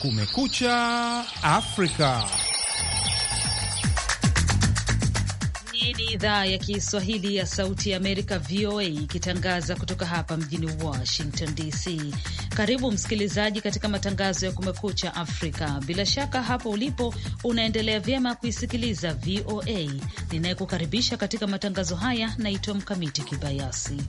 Kumekucha Afrika. Hii ni idhaa ya Kiswahili ya Sauti ya Amerika, VOA, ikitangaza kutoka hapa mjini Washington DC. Karibu msikilizaji katika matangazo ya Kumekucha Afrika. Bila shaka hapo ulipo unaendelea vyema kuisikiliza VOA. Ninayekukaribisha katika matangazo haya naitwa Mkamiti Kibayasi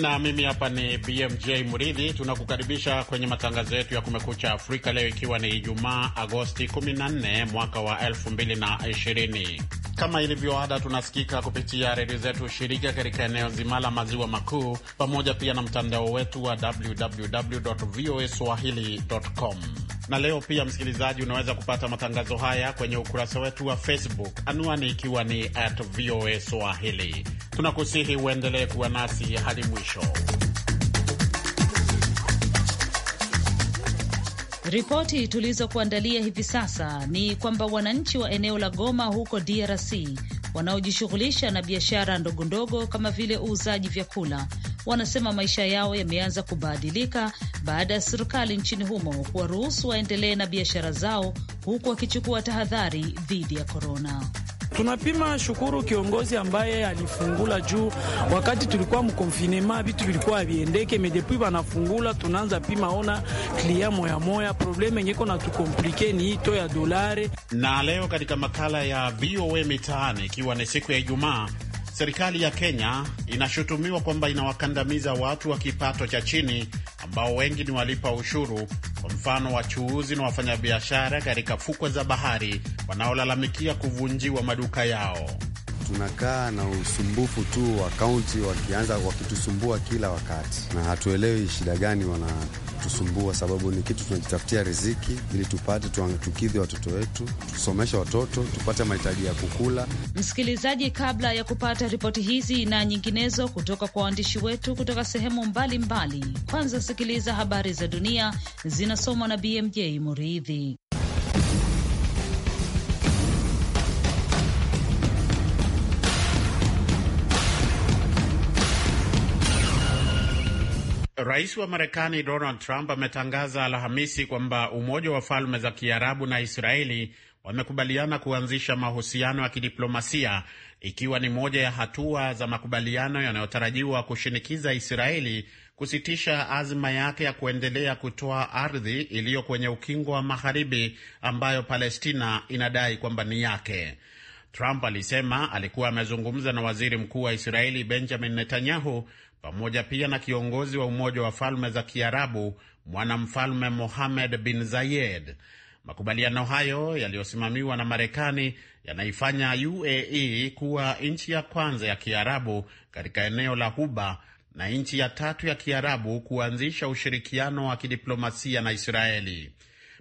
na mimi hapa ni BMJ Muridhi. Tunakukaribisha kwenye matangazo yetu ya Kumekucha Afrika leo ikiwa ni Ijumaa, Agosti 14 mwaka wa 2020. Kama ilivyo ada, tunasikika kupitia redio zetu shirika katika eneo zima la maziwa makuu, pamoja pia na mtandao wetu wa www voa swahili.com. Na leo pia, msikilizaji, unaweza kupata matangazo haya kwenye ukurasa wetu wa Facebook, anwani ikiwa ni at voa swahili Tunakusihi uendelee kuwa nasi hadi mwisho. Ripoti tulizokuandalia hivi sasa ni kwamba wananchi wa eneo la Goma huko DRC wanaojishughulisha na biashara ndogondogo kama vile uuzaji vyakula wanasema maisha yao yameanza kubadilika baada ya serikali nchini humo kuwaruhusu waendelee na biashara zao huku wakichukua tahadhari dhidi ya korona tunapima Shukuru, kiongozi ambaye alifungula juu wakati tulikuwa mkonfinema, vitu vilikuwa viendeke medepui banafungula, tunaanza pima ona klia moya moya, probleme nyeko na tukomplike ni ito ya dolare. Na leo katika makala ya VOA Mitaani, ikiwa ni siku ya Ijumaa Serikali ya Kenya inashutumiwa kwamba inawakandamiza watu wa kipato cha chini ambao wengi ni walipa ushuru, kwa mfano wachuuzi na wafanyabiashara katika fukwe za bahari wanaolalamikia kuvunjiwa maduka yao. Tunakaa na usumbufu tu wa kaunti wakianza wakitusumbua kila wakati, na hatuelewi shida gani wana kutusumbua, sababu ni kitu tunajitafutia riziki ili tupate tukidhi watoto wetu, tusomeshe watoto, tupate mahitaji ya kukula. Msikilizaji, kabla ya kupata ripoti hizi na nyinginezo kutoka kwa waandishi wetu kutoka sehemu mbalimbali mbali, kwanza sikiliza habari za dunia zinasomwa na BMJ Muridhi. Rais wa Marekani Donald Trump ametangaza Alhamisi kwamba Umoja wa Falme za Kiarabu na Israeli wamekubaliana kuanzisha mahusiano ya kidiplomasia ikiwa ni moja ya hatua za makubaliano yanayotarajiwa kushinikiza Israeli kusitisha azma yake ya kuendelea kutoa ardhi iliyo kwenye ukingo wa magharibi ambayo Palestina inadai kwamba ni yake. Trump alisema alikuwa amezungumza na waziri mkuu wa Israeli Benjamin Netanyahu pamoja pia na kiongozi wa Umoja wa Falme za Kiarabu mwanamfalme Mohammed bin Zayed. Makubaliano hayo yaliyosimamiwa na Marekani yanaifanya UAE kuwa nchi ya kwanza ya Kiarabu katika eneo la huba na nchi ya tatu ya Kiarabu kuanzisha ushirikiano wa kidiplomasia na Israeli.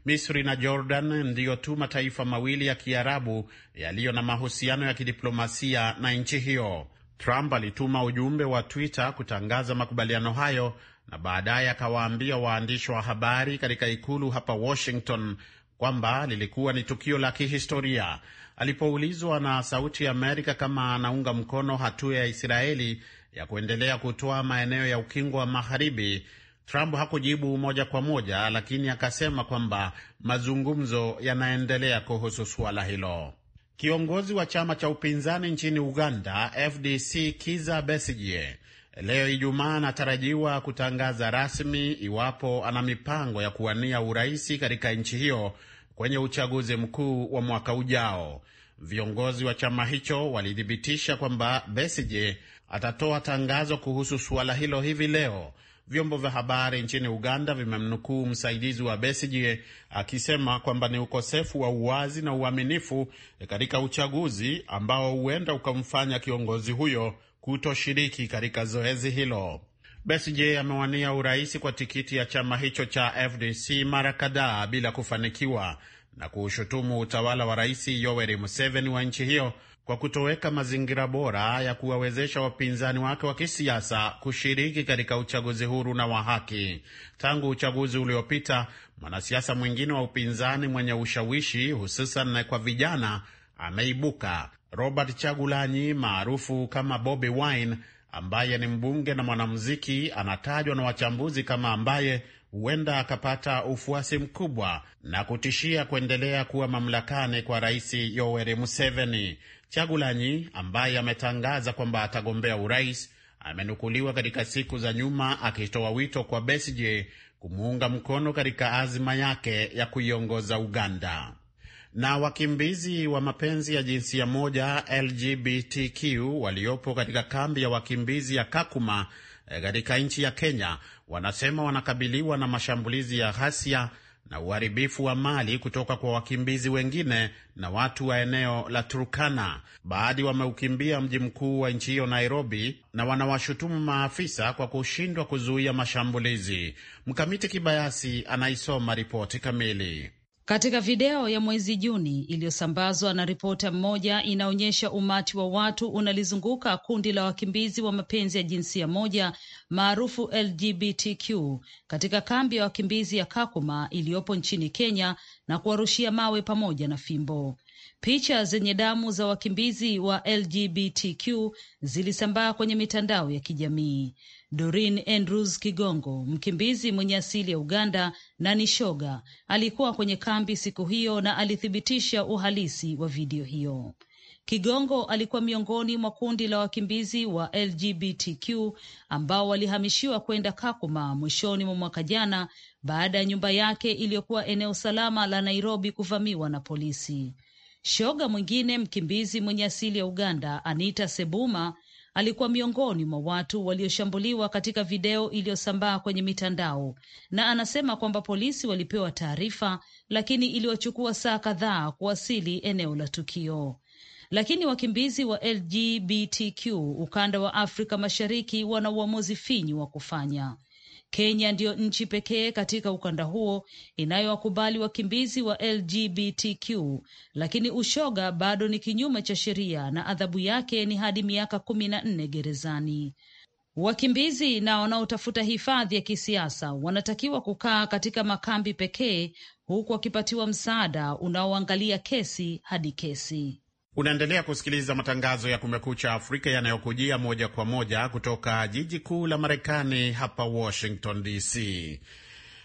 Misri na Jordan ndiyo tu mataifa mawili ya Kiarabu yaliyo na mahusiano ya kidiplomasia na nchi hiyo. Trump alituma ujumbe wa Twitter kutangaza makubaliano hayo na baadaye akawaambia waandishi wa habari katika ikulu hapa Washington kwamba lilikuwa ni tukio la kihistoria. Alipoulizwa na Sauti ya Amerika kama anaunga mkono hatua ya Israeli ya kuendelea kutoa maeneo ya ukingo wa Magharibi, Trump hakujibu moja kwa moja, lakini akasema kwamba mazungumzo yanaendelea kuhusu suala hilo. Kiongozi wa chama cha upinzani nchini Uganda FDC Kiza Besigye leo Ijumaa anatarajiwa kutangaza rasmi iwapo ana mipango ya kuwania uraisi katika nchi hiyo kwenye uchaguzi mkuu wa mwaka ujao. Viongozi wa chama hicho walithibitisha kwamba Besigye atatoa tangazo kuhusu suala hilo hivi leo Vyombo vya habari nchini Uganda vimemnukuu msaidizi wa Besigye akisema kwamba ni ukosefu wa uwazi na uaminifu katika uchaguzi ambao huenda ukamfanya kiongozi huyo kutoshiriki katika zoezi hilo. Besigye amewania urais kwa tikiti ya chama hicho cha FDC mara kadhaa bila kufanikiwa na kuushutumu utawala wa Rais Yoweri Museveni wa nchi hiyo kwa kutoweka mazingira bora ya kuwawezesha wapinzani wake wa kisiasa kushiriki katika uchaguzi huru na wa haki. Tangu uchaguzi uliopita, mwanasiasa mwingine wa upinzani mwenye ushawishi, hususan kwa vijana, ameibuka, Robert Chagulanyi maarufu kama Bobi Wine, ambaye ni mbunge na mwanamuziki. Anatajwa na wachambuzi kama ambaye huenda akapata ufuasi mkubwa na kutishia kuendelea kuwa mamlakani kwa Rais Yoweri Museveni. Chagulanyi ambaye ametangaza kwamba atagombea urais amenukuliwa katika siku za nyuma akitoa wito kwa Besigye kumuunga mkono katika azima yake ya kuiongoza Uganda. Na wakimbizi wa mapenzi ya jinsia moja LGBTQ waliopo katika kambi ya wakimbizi ya Kakuma eh, katika nchi ya Kenya wanasema wanakabiliwa na mashambulizi ya ghasia na uharibifu wa mali kutoka kwa wakimbizi wengine na watu wa eneo la Turkana. Baadhi wameukimbia mji mkuu wa nchi hiyo Nairobi, na wanawashutumu maafisa kwa kushindwa kuzuia mashambulizi. Mkamiti Kibayasi anaisoma ripoti kamili. Katika video ya mwezi Juni iliyosambazwa na ripota mmoja inaonyesha umati wa watu unalizunguka kundi la wakimbizi wa mapenzi ya jinsia moja maarufu LGBTQ katika kambi ya wakimbizi ya Kakuma iliyopo nchini Kenya na kuwarushia mawe pamoja na fimbo. Picha zenye damu za wakimbizi wa LGBTQ zilisambaa kwenye mitandao ya kijamii. Doreen Andrews Kigongo, mkimbizi mwenye asili ya Uganda na ni shoga, alikuwa kwenye kambi siku hiyo na alithibitisha uhalisi wa video hiyo. Kigongo alikuwa miongoni mwa kundi la wakimbizi wa LGBTQ ambao walihamishiwa kwenda Kakuma mwishoni mwa mwaka jana baada ya nyumba yake iliyokuwa eneo salama la Nairobi kuvamiwa na polisi. Shoga mwingine mkimbizi mwenye asili ya Uganda, Anita Sebuma, alikuwa miongoni mwa watu walioshambuliwa katika video iliyosambaa kwenye mitandao, na anasema kwamba polisi walipewa taarifa, lakini iliwachukua saa kadhaa kuwasili eneo la tukio. Lakini wakimbizi wa LGBTQ ukanda wa Afrika Mashariki wana uamuzi finyu wa kufanya. Kenya ndiyo nchi pekee katika ukanda huo inayowakubali wakimbizi wa LGBTQ, lakini ushoga bado ni kinyume cha sheria na adhabu yake ni hadi miaka kumi na nne gerezani. Wakimbizi na wanaotafuta hifadhi ya kisiasa wanatakiwa kukaa katika makambi pekee, huku wakipatiwa msaada unaoangalia kesi hadi kesi. Unaendelea kusikiliza matangazo ya Kumekucha Afrika yanayokujia moja kwa moja kutoka jiji kuu la Marekani, hapa Washington DC.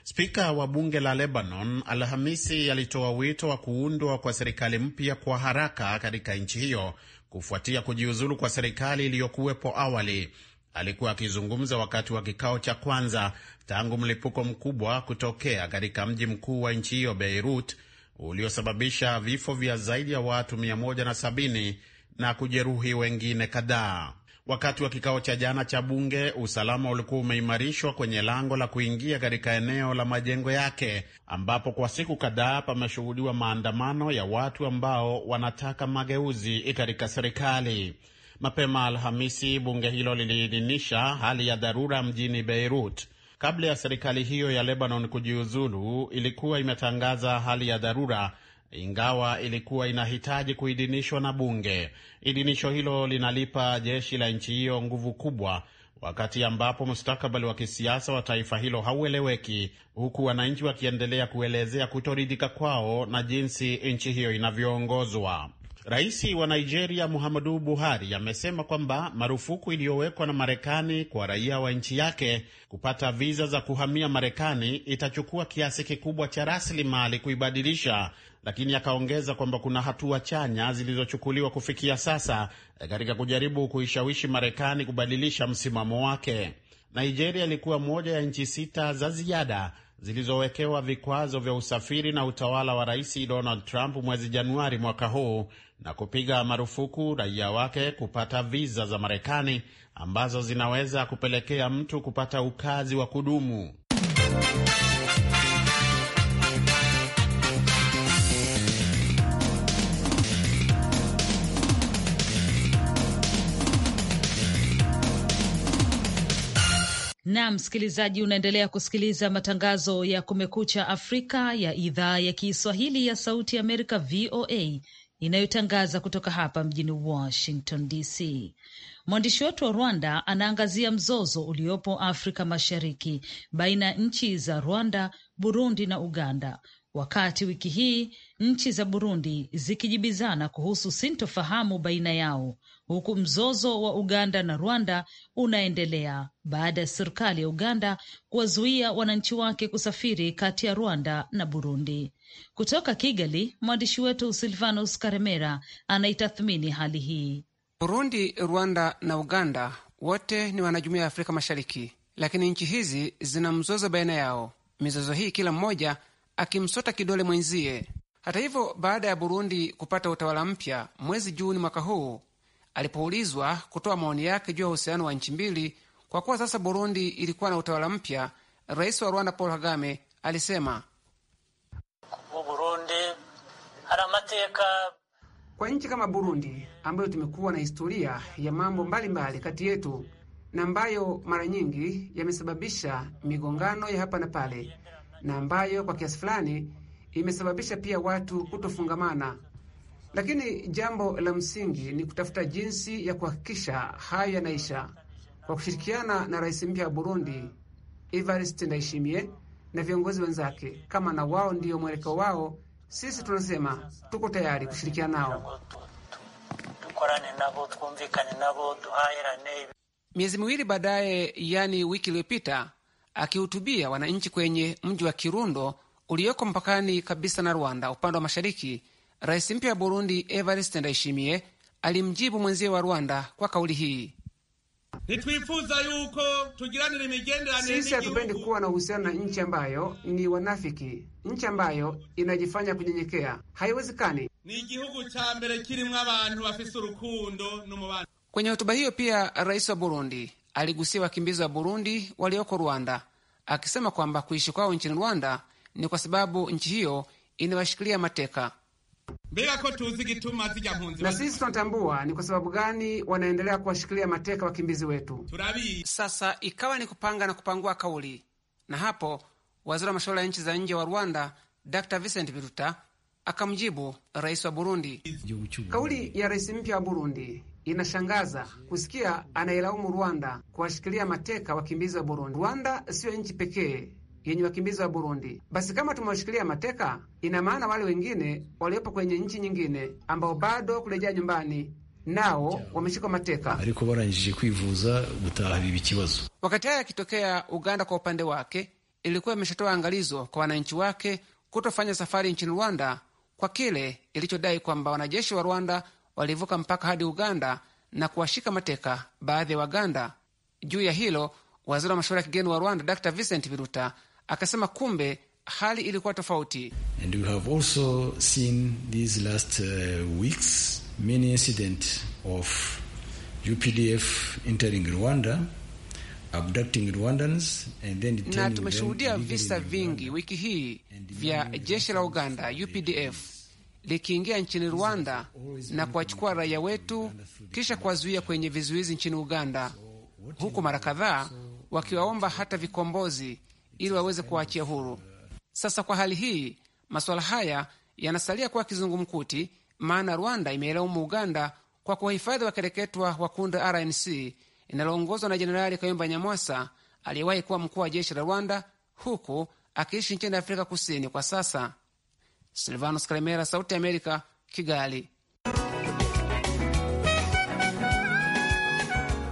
Spika wa bunge la Lebanon Alhamisi alitoa wito wa kuundwa kwa serikali mpya kwa haraka katika nchi hiyo kufuatia kujiuzulu kwa serikali iliyokuwepo awali. Alikuwa akizungumza wakati wa kikao cha kwanza tangu mlipuko mkubwa kutokea katika mji mkuu wa nchi hiyo Beirut uliosababisha vifo vya zaidi ya watu 170 na kujeruhi wengine kadhaa. Wakati wa kikao cha jana cha bunge, usalama ulikuwa umeimarishwa kwenye lango la kuingia katika eneo la majengo yake, ambapo kwa siku kadhaa pameshuhudiwa maandamano ya watu ambao wanataka mageuzi katika serikali. Mapema Alhamisi, bunge hilo liliidhinisha hali ya dharura mjini Beirut kabla ya serikali hiyo ya Lebanon kujiuzulu, ilikuwa imetangaza hali ya dharura ingawa ilikuwa inahitaji kuidhinishwa na bunge. Idhinisho hilo linalipa jeshi la nchi hiyo nguvu kubwa, wakati ambapo mustakabali wa kisiasa wa taifa hilo haueleweki, huku wananchi wakiendelea kuelezea kutoridhika kwao na jinsi nchi hiyo inavyoongozwa. Rais wa Nigeria Muhammadu Buhari amesema kwamba marufuku iliyowekwa na Marekani kwa raia wa nchi yake kupata viza za kuhamia Marekani itachukua kiasi kikubwa cha rasilimali kuibadilisha, lakini akaongeza kwamba kuna hatua chanya zilizochukuliwa kufikia sasa katika kujaribu kuishawishi Marekani kubadilisha msimamo wake. Nigeria ilikuwa moja ya nchi sita za ziada zilizowekewa vikwazo vya usafiri na utawala wa Rais Donald Trump mwezi Januari mwaka huu na kupiga marufuku raia wake kupata viza za Marekani ambazo zinaweza kupelekea mtu kupata ukazi wa kudumu. na msikilizaji, unaendelea kusikiliza matangazo ya Kumekucha Afrika ya idhaa ya Kiswahili ya Sauti ya Amerika, VOA, inayotangaza kutoka hapa mjini Washington DC. Mwandishi wetu wa Rwanda anaangazia mzozo uliopo Afrika Mashariki baina ya nchi za Rwanda, Burundi na Uganda, wakati wiki hii nchi za Burundi zikijibizana kuhusu sintofahamu baina yao, huku mzozo wa Uganda na Rwanda unaendelea baada ya serikali ya Uganda kuwazuia wananchi wake kusafiri kati ya Rwanda na Burundi. Kutoka Kigali, mwandishi wetu Silvanus Karemera anaitathmini hali hii. Burundi, Rwanda na Uganda wote ni wanajumuiya ya Afrika Mashariki, lakini nchi hizi zina mzozo baina yao, mizozo hii kila mmoja akimsota kidole mwenzie. Hata hivyo, baada ya Burundi kupata utawala mpya mwezi Juni mwaka huu, alipoulizwa kutoa maoni yake juu ya uhusiano wa nchi mbili, kwa kuwa sasa Burundi ilikuwa na utawala mpya, rais wa Rwanda Paul Kagame alisema kwa nchi kama Burundi ambayo tumekuwa na historia ya mambo mbalimbali mbali kati yetu na ambayo mara nyingi yamesababisha migongano ya hapa na pale na ambayo kwa kiasi fulani imesababisha pia watu kutofungamana. Lakini jambo la msingi ni kutafuta jinsi ya kuhakikisha haya yanaisha kwa kushirikiana na rais mpya wa Burundi Evariste Ndayishimiye na viongozi wenzake. Kama na wao ndiyo mwelekeo wao, sisi tunasema tuko tayari kushirikiana nao. Miezi miwili baadaye, yani wiki iliyopita, akihutubia wananchi kwenye mji wa Kirundo ulioko mpakani kabisa na Rwanda upande wa mashariki, rais mpya wa Burundi Evariste Ndayishimiye alimjibu mwenzie wa Rwanda kwa kauli hii: sisi hatupendi kuwa na uhusiano na nchi ambayo ni wanafiki, nchi ambayo inajifanya kunyenyekea. Haiwezekani. Kwenye hotuba hiyo pia rais wa Burundi aligusia wakimbizi wa Burundi walioko Rwanda akisema kwamba kuishi kwao nchini Rwanda ni kwa sababu nchi hiyo inawashikilia mateka. Na sisi tunatambua ni kwa sababu gani wanaendelea kuwashikilia mateka wakimbizi wetu. Sasa ikawa ni kupanga na kupangua kauli, na hapo waziri wa mashauri ya nchi za nje wa Rwanda Dr Vincent Biruta akamjibu rais wa Burundi. Kauli ya rais mpya wa Burundi inashangaza kusikia, anayelaumu Rwanda kuwashikilia mateka wakimbizi wa Burundi. Rwanda siyo nchi pekee yenye wakimbizi wa Burundi. Basi kama tumewashikilia mateka, ina maana wale wengine waliopo kwenye nchi nyingine ambao bado kurejea nyumbani nao wameshikwa mateka ariko barangije kwivuza gutaha biba kibazo. Wakati haya yakitokea, Uganda kwa upande wake ilikuwa imeshatoa angalizo kwa wananchi wake kutofanya safari nchini Rwanda kwa kile ilichodai kwamba wanajeshi wa Rwanda walivuka mpaka hadi Uganda na kuwashika mateka baadhi ya Waganda. Juu ya hilo, waziri wa mashauri ya kigeni wa Rwanda Dr Vincent Biruta akasema kumbe hali ilikuwa tofauti. And we have also seen these last uh, weeks many incident of UPDF entering Rwanda abducting Rwandans and then na tumeshuhudia visa vingi wiki hii vya jeshi la Uganda UPDF likiingia nchini Rwanda na kuwachukua raia wetu kisha kuwazuia kwenye vizuizi nchini Uganda, huku mara kadhaa wakiwaomba hata vikombozi ili waweze kuwaachia huru. Sasa kwa hali hii, masuala haya yanasalia kuwa kizungumkuti, maana Rwanda imeelaumu Uganda kwa kuwahifadhi wakereketwa wa kundi RNC linaloongozwa na Jenerali Kayumba Nyamwasa aliyewahi kuwa mkuu wa jeshi la Rwanda, huku akiishi nchini Afrika Kusini kwa sasa. Silvanus Kalemera, Sauti ya Amerika, Kigali.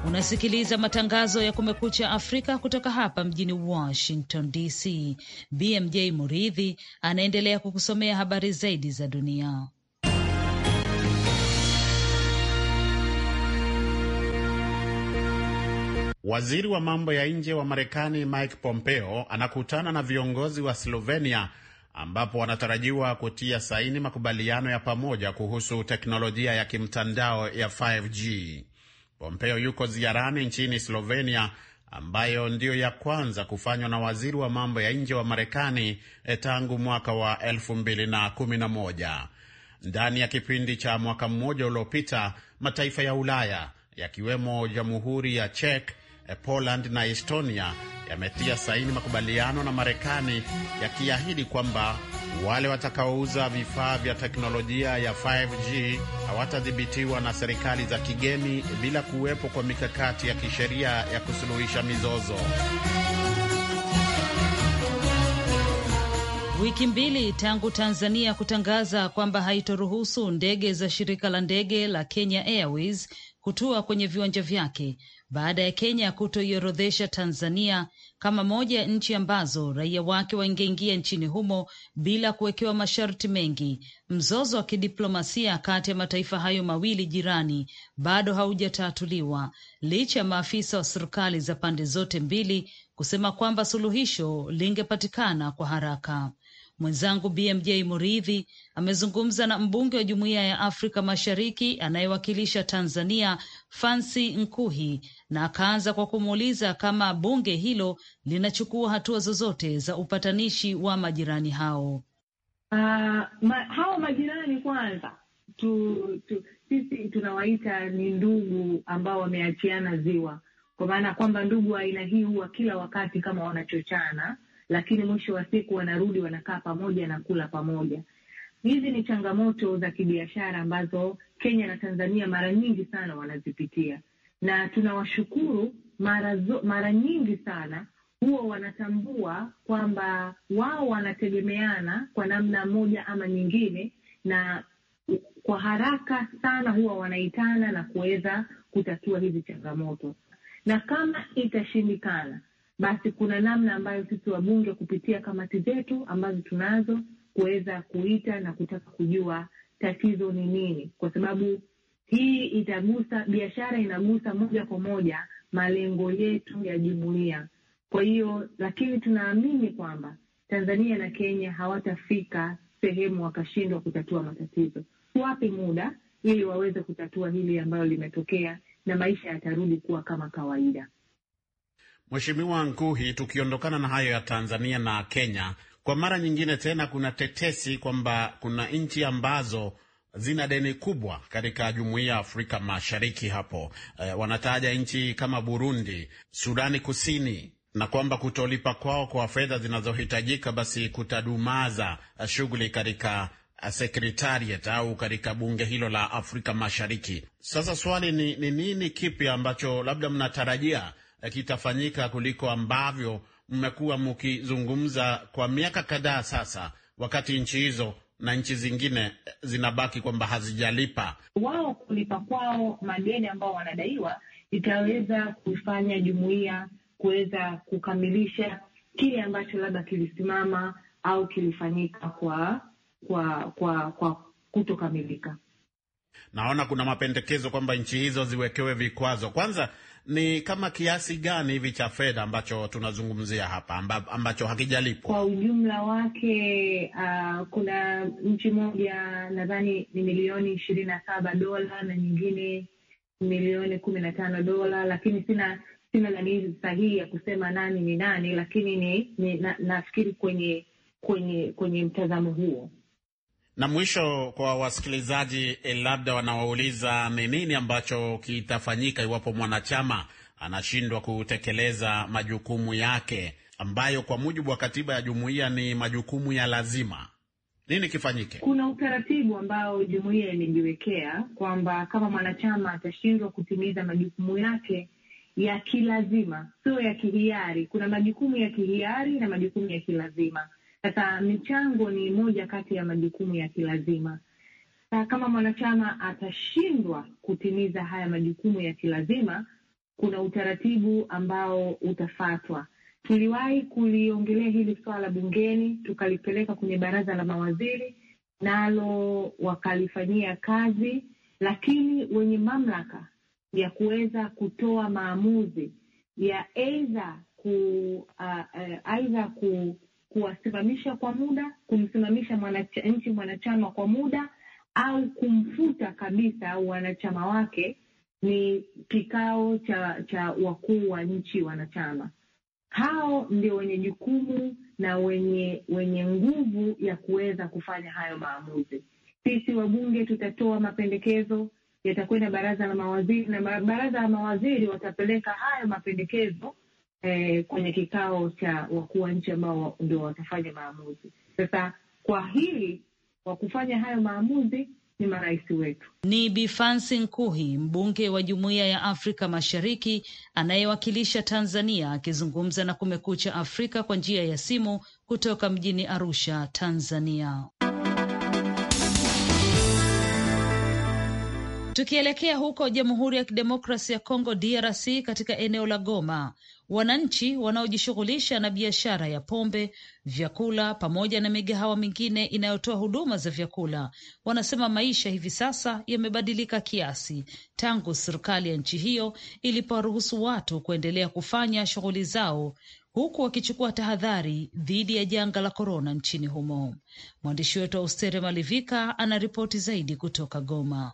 Unasikiliza matangazo ya Kumekucha Afrika kutoka hapa mjini Washington DC. BMJ Muridhi anaendelea kukusomea habari zaidi za dunia. Waziri wa mambo ya nje wa Marekani Mike Pompeo anakutana na viongozi wa Slovenia ambapo wanatarajiwa kutia saini makubaliano ya pamoja kuhusu teknolojia ya kimtandao ya 5G. Pompeo yuko ziarani nchini Slovenia ambayo ndiyo ya kwanza kufanywa na waziri wa mambo ya nje wa Marekani eh, tangu mwaka wa 211 Ndani ya kipindi cha mwaka mmoja uliopita mataifa ya Ulaya yakiwemo Jamhuri ya Czech E, Poland na Estonia yametia saini makubaliano na Marekani yakiahidi kwamba wale watakaouza vifaa vya teknolojia ya 5G hawatadhibitiwa na serikali za kigeni bila kuwepo kwa mikakati ya kisheria ya kusuluhisha mizozo. Wiki mbili tangu Tanzania kutangaza kwamba haitoruhusu ndege za shirika la ndege la Kenya Airways kutua kwenye viwanja vyake baada ya Kenya kutoiorodhesha Tanzania kama moja ya nchi ambazo raia wake wangeingia nchini humo bila kuwekewa masharti mengi. Mzozo wa kidiplomasia kati ya mataifa hayo mawili jirani bado haujatatuliwa licha ya maafisa wa serikali za pande zote mbili kusema kwamba suluhisho lingepatikana kwa haraka. Mwenzangu BMJ Muridhi amezungumza na mbunge wa Jumuiya ya Afrika Mashariki anayewakilisha Tanzania, Fansi Nkuhi, na akaanza kwa kumuuliza kama bunge hilo linachukua hatua zozote za upatanishi wa majirani hao. Uh, ma, hao majirani kwanza tu, tu, sisi tunawaita ni ndugu ambao wameachiana ziwa, kwa maana kwamba ndugu wa aina hii huwa kila wakati kama wanachochana lakini mwisho wa siku wanarudi wanakaa pamoja na kula pamoja. Hizi ni changamoto za kibiashara ambazo Kenya na Tanzania mara nyingi sana wanazipitia, na tunawashukuru mara, mara nyingi sana huwa wanatambua kwamba wao wanategemeana kwa namna moja ama nyingine, na kwa haraka sana huwa wanaitana na kuweza kutatua hizi changamoto, na kama itashindikana basi kuna namna ambayo sisi wabunge kupitia kamati zetu ambazo tunazo kuweza kuita na kutaka kujua tatizo ni nini, kwa sababu hii itagusa biashara, inagusa moja kwa moja malengo yetu ya jumuiya. Kwa hiyo, lakini tunaamini kwamba Tanzania na Kenya hawatafika sehemu wakashindwa kutatua matatizo. Tuwape muda ili waweze kutatua hili ambalo limetokea, na maisha yatarudi kuwa kama kawaida. Mheshimiwa Nkuhi, tukiondokana na hayo ya Tanzania na Kenya, kwa mara nyingine tena kuna tetesi kwamba kuna nchi ambazo zina deni kubwa katika jumuiya ya Afrika Mashariki hapo. E, wanataja nchi kama Burundi, Sudani Kusini na kwamba kutolipa kwao kwa fedha zinazohitajika basi kutadumaza eh, shughuli katika eh, sekretariat au katika bunge hilo la Afrika Mashariki. Sasa swali ni, ni nini kipi ambacho labda mnatarajia Eh, kitafanyika kuliko ambavyo mmekuwa mkizungumza kwa miaka kadhaa sasa, wakati nchi hizo na nchi zingine eh, zinabaki kwamba hazijalipa. Wao kulipa kwao madeni ambao wanadaiwa itaweza kufanya jumuiya kuweza kukamilisha kile ambacho labda kilisimama au kilifanyika kwa kwa kwa kwa kutokamilika. Naona kuna mapendekezo kwamba nchi hizo ziwekewe vikwazo. Kwanza ni kama kiasi gani hivi cha fedha ambacho tunazungumzia hapa amba, ambacho hakijalipwa kwa ujumla wake? Uh, kuna nchi moja nadhani ni milioni ishirini na saba dola na nyingine milioni kumi na tano dola, lakini sina sina nani sahihi ya kusema nani ni nani, lakini ni, ni, na, nafikiri kwenye kwenye kwenye mtazamo huo. Na mwisho kwa wasikilizaji, eh, labda wanawauliza ni nini ambacho kitafanyika iwapo mwanachama anashindwa kutekeleza majukumu yake ambayo kwa mujibu wa katiba ya jumuiya ni majukumu ya lazima. Nini kifanyike? Kuna utaratibu ambao jumuiya imejiwekea kwamba kama mwanachama atashindwa kutimiza majukumu yake ya kilazima, sio ya kihiari. Kuna majukumu ya kihiari na majukumu ya kilazima. Sasa michango ni moja kati ya majukumu ya kilazima. Sasa kama mwanachama atashindwa kutimiza haya majukumu ya kilazima, kuna utaratibu ambao utafatwa. Tuliwahi kuliongelea hili swala bungeni, tukalipeleka kwenye baraza la mawaziri, nalo wakalifanyia kazi, lakini wenye mamlaka ya kuweza kutoa maamuzi ya aidha ku, uh, uh, aidha ku kuwasimamisha kwa muda, kumsimamisha mwanacha, nchi mwanachama kwa muda au kumfuta kabisa wanachama wake ni kikao cha cha wakuu wa nchi wanachama. Hao ndio wenye jukumu na wenye wenye nguvu ya kuweza kufanya hayo maamuzi. Sisi wabunge tutatoa mapendekezo yatakwenda baraza la mawaziri, na baraza la mawaziri watapeleka hayo mapendekezo eh, kwenye kikao cha wakuu wa nchi ambao ndio watafanya maamuzi. Sasa kwa hili wa kufanya hayo maamuzi ni marais wetu. Ni Bifansi Nkuhi, mbunge wa Jumuiya ya Afrika Mashariki anayewakilisha Tanzania, akizungumza na Kumekucha Afrika kwa njia ya simu kutoka mjini Arusha, Tanzania. Tukielekea huko Jamhuri ya Kidemokrasi ya Kongo, DRC, katika eneo la Goma, wananchi wanaojishughulisha na biashara ya pombe, vyakula pamoja na migahawa mingine inayotoa huduma za vyakula wanasema maisha hivi sasa yamebadilika kiasi tangu serikali ya nchi hiyo ilipowaruhusu watu kuendelea kufanya shughuli zao huku wakichukua tahadhari dhidi ya janga la korona nchini humo. Mwandishi wetu wa Austere Malivika anaripoti zaidi kutoka Goma.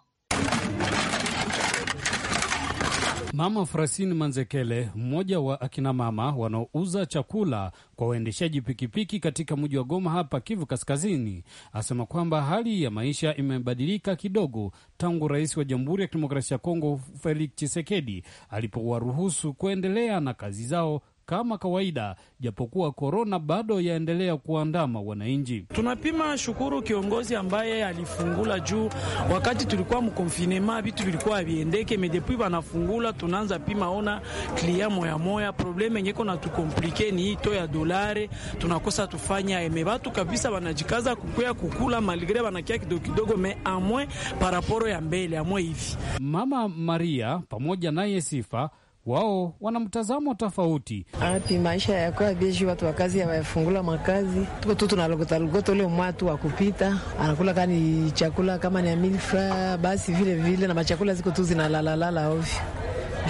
Mama Frasin Manzekele, mmoja wa akinamama wanaouza chakula kwa waendeshaji pikipiki katika mji wa Goma hapa Kivu Kaskazini, asema kwamba hali ya maisha imebadilika kidogo tangu rais wa Jamhuri ya Kidemokrasia ya Kongo Felix chisekedi alipowaruhusu kuendelea na kazi zao kama kawaida, japokuwa korona bado yaendelea kuandama wananchi. Tunapima shukuru kiongozi ambaye alifungula juu, wakati tulikuwa mkonfinema vitu vilikuwa viendeke medepui wanafungula tunaanza pima, ona klia moya moya, probleme nyeko na tukomplike ni hii to ya dolare, tunakosa tufanya eme. Vatu kabisa wanajikaza kukuya kukula maligre wanakia kidogo kidogo, me amwe paraporo ya mbele amwe hivi. Mama Maria pamoja naye Sifa wao wana mtazamo tofauti. Api maisha yakoa bishi, watu wakazi hawayafungula makazi, tuko tu tunalogotalogota ule mwatu wa kupita anakula kani chakula kama ni amilfra basi vile vile, na machakula ziko tu zinalalalala ovyo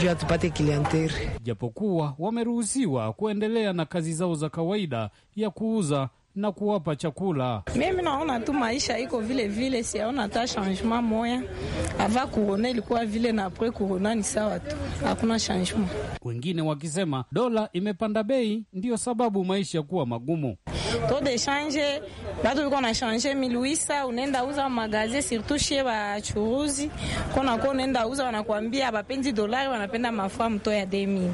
juu atupate klienteri, japokuwa wameruhusiwa kuendelea na kazi zao za kawaida ya kuuza na kuwapa chakula. Mimi naona tu maisha iko vile vile, siaona ta changement moya ava kurona ilikuwa vile na apres kurona ni sawa tu, hakuna changement. Wengine wakisema dola imepanda bei, ndiyo sababu maisha kuwa magumu tode change batu biko na change miluisa, unaenda uza magazi surtout shie bachuruzi konako kona, unaenda uza wanakwambia habapendi dolari, wanapenda mafua mto ya 2000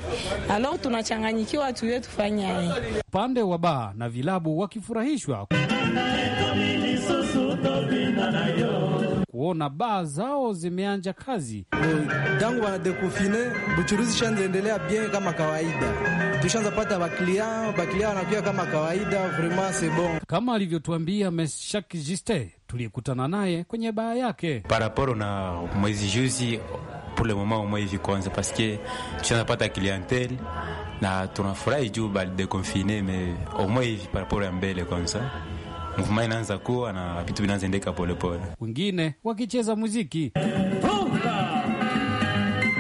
alors tunachanganyikiwa, tuwe tufanye upande wa baa na vilabu wakifurahishwa kuona baa zao zimeanja kazi tangu wanadekufine. Buchuruzi shanziendelea bien kama kawaida, tushanza pata baklia baklia wanakuya kama kawaida, vraiment c'est bon, kama alivyotuambia Meshak Jiste tuliyekutana naye kwenye baa yake paraporo na mwezi juzi pule moma umwe hivi kwanza paske tunapata clientele na tunafurahi juu bali deconfine me omwe hivi paraporo ya mbele kwanza mvuma inaanza kuwa na vitu endeka polepole, wengine wakicheza muziki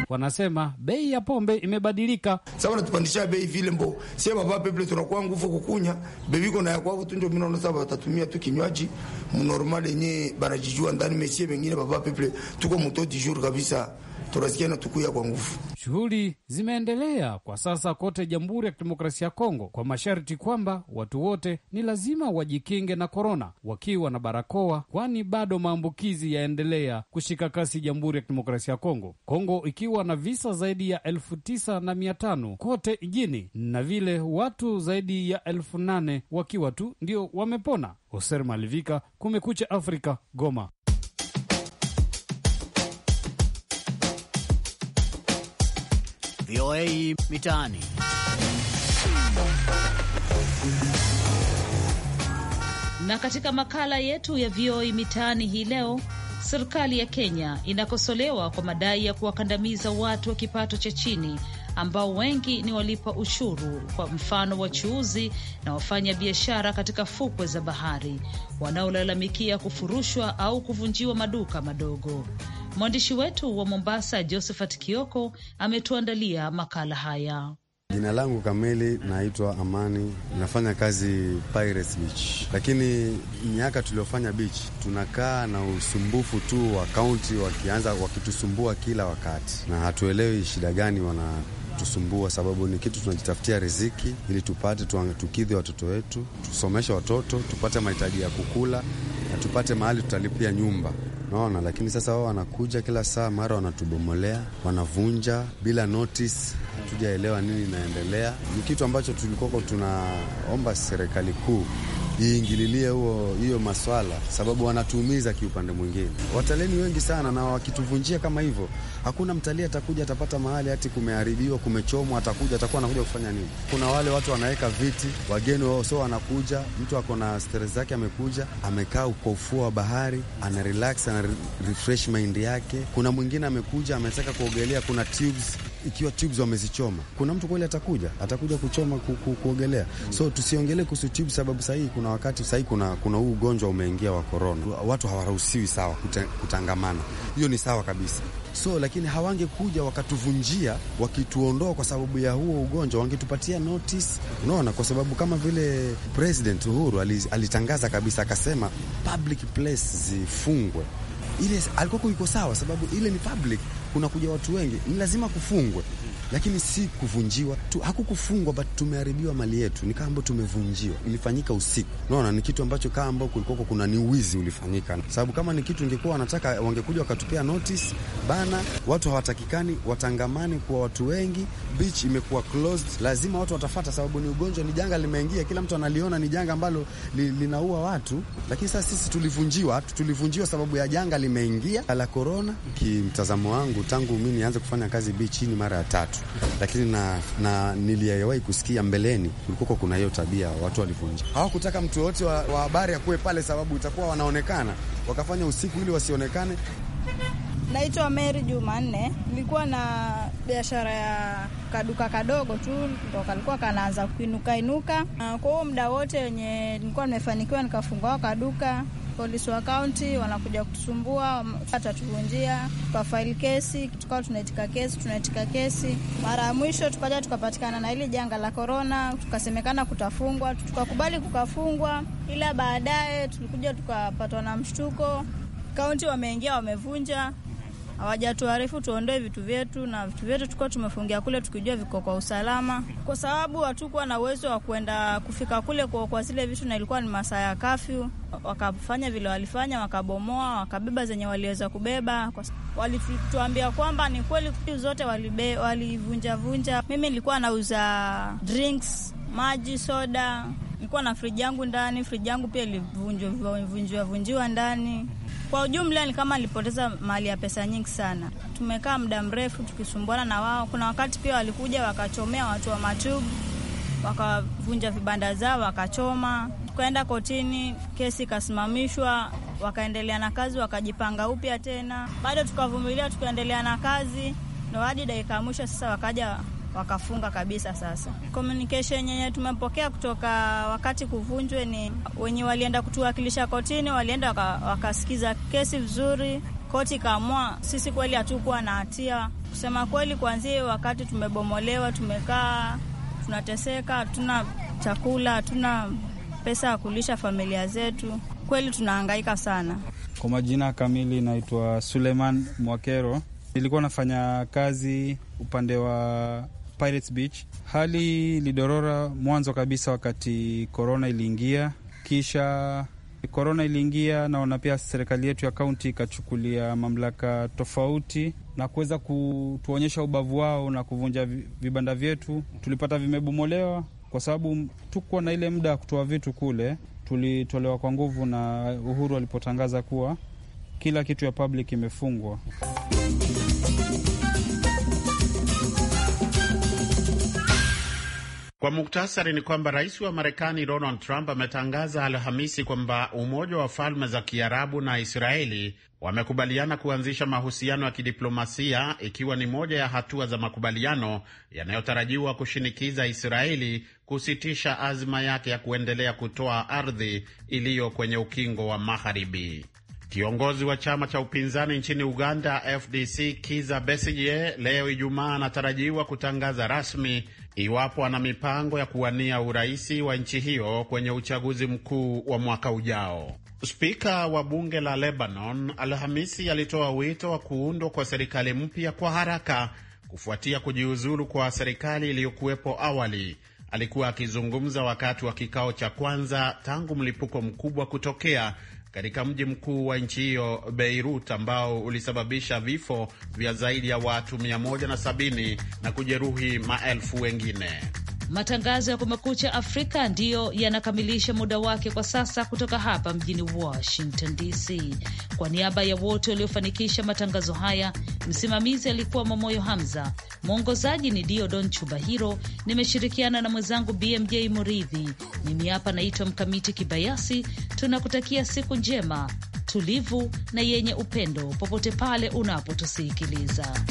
wanasema bei ya pombe imebadilika. Sasa wanatupandisha bei vile mbo. sie baba peple tunakuwa nguvu kukunya. Bebiko na yakwavo tu ndio mimi sasa watatumia tu kinywaji mnormal yenye barajijua ndani mesie wengine baba peple tuko mtoti jour kabisa tunasikia tukuya kwa nguvu. Shughuli zimeendelea kwa sasa kote Jamhuri ya Kidemokrasia ya Kongo kwa masharti kwamba watu wote ni lazima wajikinge na korona wakiwa na barakoa, kwani bado maambukizi yaendelea kushika kasi Jamhuri ya Kidemokrasia ya Kongo, Kongo ikiwa na visa zaidi ya elfu tisa na mia tano kote jini na vile watu zaidi ya elfu nane wakiwa tu ndio wamepona. Hoser Malivika, Kumekucha Afrika, Goma. VOA Mitaani. Na katika makala yetu ya VOA Mitaani hii leo, serikali ya Kenya inakosolewa kwa madai ya kuwakandamiza watu wa kipato cha chini ambao wengi ni walipa ushuru, kwa mfano wachuuzi na wafanya biashara katika fukwe za bahari wanaolalamikia kufurushwa au kuvunjiwa maduka madogo. Mwandishi wetu wa Mombasa, Josephat Kioko, ametuandalia makala haya. Jina langu kamili naitwa Amani, nafanya kazi Pirates Beach, lakini miaka tuliofanya beach tunakaa na usumbufu tu wa kaunti wakianza wakitusumbua kila wakati, na hatuelewi shida gani wana kutusumbua, sababu ni kitu tunajitafutia riziki ili tupate tukidhi watoto wetu, tusomeshe watoto, tupate mahitaji ya kukula na tupate mahali tutalipia nyumba. Naona, lakini sasa wao wanakuja kila saa, mara wanatubomolea, wanavunja bila notice. Hatujaelewa nini inaendelea. Ni kitu ambacho tulikuwa tunaomba serikali kuu iingililie huo hiyo maswala, sababu wanatuumiza kiupande mwingine. Wataleni wengi sana, na wakituvunjia kama hivyo, hakuna mtalii atakuja atapata mahali hati kumeharibiwa, kumechomwa, atakuja atakuwa anakuja kufanya nini? Kuna wale watu wanaweka viti, wageni wao sio wanakuja, mtu ako na stress zake, amekuja amekaa kwa ufuo wa bahari, ana relax, ana refresh mind yake. Kuna mwingine amekuja ametaka kuogelea, kuna tubes ikiwa tubes wamezichoma, kuna mtu kweli atakuja atakuja kuchoma ku, ku, kuogelea mm. So tusiongelee kuhusu tubes, sababu sahii kuna wakati sahii kuna kuna huu ugonjwa umeingia wa korona, watu hawaruhusiwi sawa kutangamana. Hiyo ni sawa kabisa so lakini hawangekuja wakatuvunjia wakituondoa kwa sababu ya huo ugonjwa, wangetupatia notice, unaona, kwa sababu kama vile President Uhuru alitangaza kabisa, akasema public place zifungwe ile alikuwa iko sawa, sababu ile ni public, kuna kuja watu wengi, ni lazima kufungwe lakini si kuvunjiwa tu, hakukufungwa but tumeharibiwa mali yetu, ni kama tumevunjiwa. Ilifanyika usiku, unaona, ni kitu ambacho kama kulikuwa kuna ni wizi ulifanyika, sababu kama ni kitu ingekuwa wanataka wangekuja wakatupia notice bana, watu hawatakikani watangamani kuwa watu wengi, beach imekuwa closed, lazima watu watafata, sababu ni ugonjwa, ni janga limeingia, kila mtu analiona ni janga ambalo li, linaua watu, lakini sasa sisi tulivunjiwa, tulivunjiwa sababu ya janga limeingia la korona. Kimtazamo wangu tangu mi nianze kufanya kazi beach, hii ni mara ya tatu lakini na, na niliyewahi kusikia mbeleni kulikuwa kuna hiyo tabia, watu walivunja, hawakutaka mtu yoyote wa, wa habari akuwe pale, sababu itakuwa wanaonekana, wakafanya usiku ili wasionekane. Naitwa Mary Jumanne, nilikuwa na biashara ya kaduka kadogo tu, ndo kalikuwa kanaanza kuinuka inuka. Kwa huo muda wote wenye nilikuwa nimefanikiwa nikafungua kaduka polisi wa kaunti wanakuja kutusumbua, watatuvunjia, tukafaili kesi, tukawa tunaitika kesi, tunaitika kesi. Mara ya mwisho tukaja tukapatikana na hili janga la korona, tukasemekana kutafungwa, tukakubali kukafungwa, ila baadaye tulikuja tukapatwa na mshtuko, kaunti wameingia, wamevunja hawajatuarifu tuondoe vitu vyetu, na vitu vyetu tukuwa tumefungia kule tukijua viko kwa usalama, kwa sababu hatukuwa na uwezo wa kuenda kufika kule kwa, kwa zile vitu, na ilikuwa ni masaa ya kafyu. Wakafanya vile walifanya, wakabomoa, wakabeba zenye waliweza kubeba. Walituambia kwamba ni kweli zote walivunjavunja, wali mimi nilikuwa nauza drinks, maji, soda, nilikuwa na friji yangu ndani. Friji yangu pia ilivunjwa vunjiwa ndani kwa ujumla ni kama nilipoteza mali ya pesa nyingi sana. Tumekaa muda mrefu tukisumbuana na wao. Kuna wakati pia walikuja wakachomea watu wa matubu, wakavunja vibanda zao, wakachoma. Tukaenda kotini, kesi ikasimamishwa, wakaendelea na kazi, wakajipanga upya tena. Bado tukavumilia, tukaendelea na kazi ndo hadi dakika ya mwisho. Sasa wakaja wakafunga kabisa. Sasa communication yenye tumepokea kutoka wakati kuvunjwe ni wenye walienda kutuwakilisha kotini, walienda wakasikiza kesi vizuri, koti ikaamua sisi kweli hatukuwa na hatia. Kusema kweli, kuanzia wakati tumebomolewa, tumekaa tunateseka, hatuna chakula, hatuna pesa ya kulisha familia zetu. Kweli tunahangaika sana. Kwa majina kamili, naitwa Suleiman Mwakero, nilikuwa nafanya kazi upande wa Pirates Beach. Hali ilidorora mwanzo kabisa wakati korona iliingia, kisha korona iliingia, naona pia serikali yetu ya kaunti ikachukulia mamlaka tofauti na kuweza kutuonyesha ubavu wao na kuvunja vibanda vyetu. Tulipata vimebomolewa kwa sababu tukuwa na ile muda ya kutoa vitu kule, tulitolewa kwa nguvu na Uhuru alipotangaza kuwa kila kitu ya public imefungwa. Kwa muktasari ni kwamba rais wa Marekani Donald Trump ametangaza Alhamisi kwamba Umoja wa Falme za Kiarabu na Israeli wamekubaliana kuanzisha mahusiano ya kidiplomasia ikiwa ni moja ya hatua za makubaliano yanayotarajiwa kushinikiza Israeli kusitisha azma yake ya kuendelea kutoa ardhi iliyo kwenye ukingo wa Magharibi. Kiongozi wa chama cha upinzani nchini Uganda FDC Kiza Besigye leo Ijumaa anatarajiwa kutangaza rasmi iwapo ana mipango ya kuwania uraisi wa nchi hiyo kwenye uchaguzi mkuu wa mwaka ujao. Spika wa bunge la Lebanon Alhamisi alitoa wito wa kuundwa kwa serikali mpya kwa haraka kufuatia kujiuzulu kwa serikali iliyokuwepo awali. Alikuwa akizungumza wakati wa kikao cha kwanza tangu mlipuko mkubwa kutokea katika mji mkuu wa nchi hiyo Beirut, ambao ulisababisha vifo vya zaidi ya watu 170 na kujeruhi maelfu wengine. Matangazo ya Kumekucha Afrika ndiyo yanakamilisha muda wake kwa sasa, kutoka hapa mjini Washington DC. Kwa niaba ya wote waliofanikisha matangazo haya, msimamizi alikuwa Momoyo Hamza, mwongozaji ni Diodon Chubahiro, nimeshirikiana na mwenzangu BMJ Muridhi. Mimi hapa naitwa Mkamiti Kibayasi. Tunakutakia siku njema, tulivu na yenye upendo, popote pale unapotusikiliza.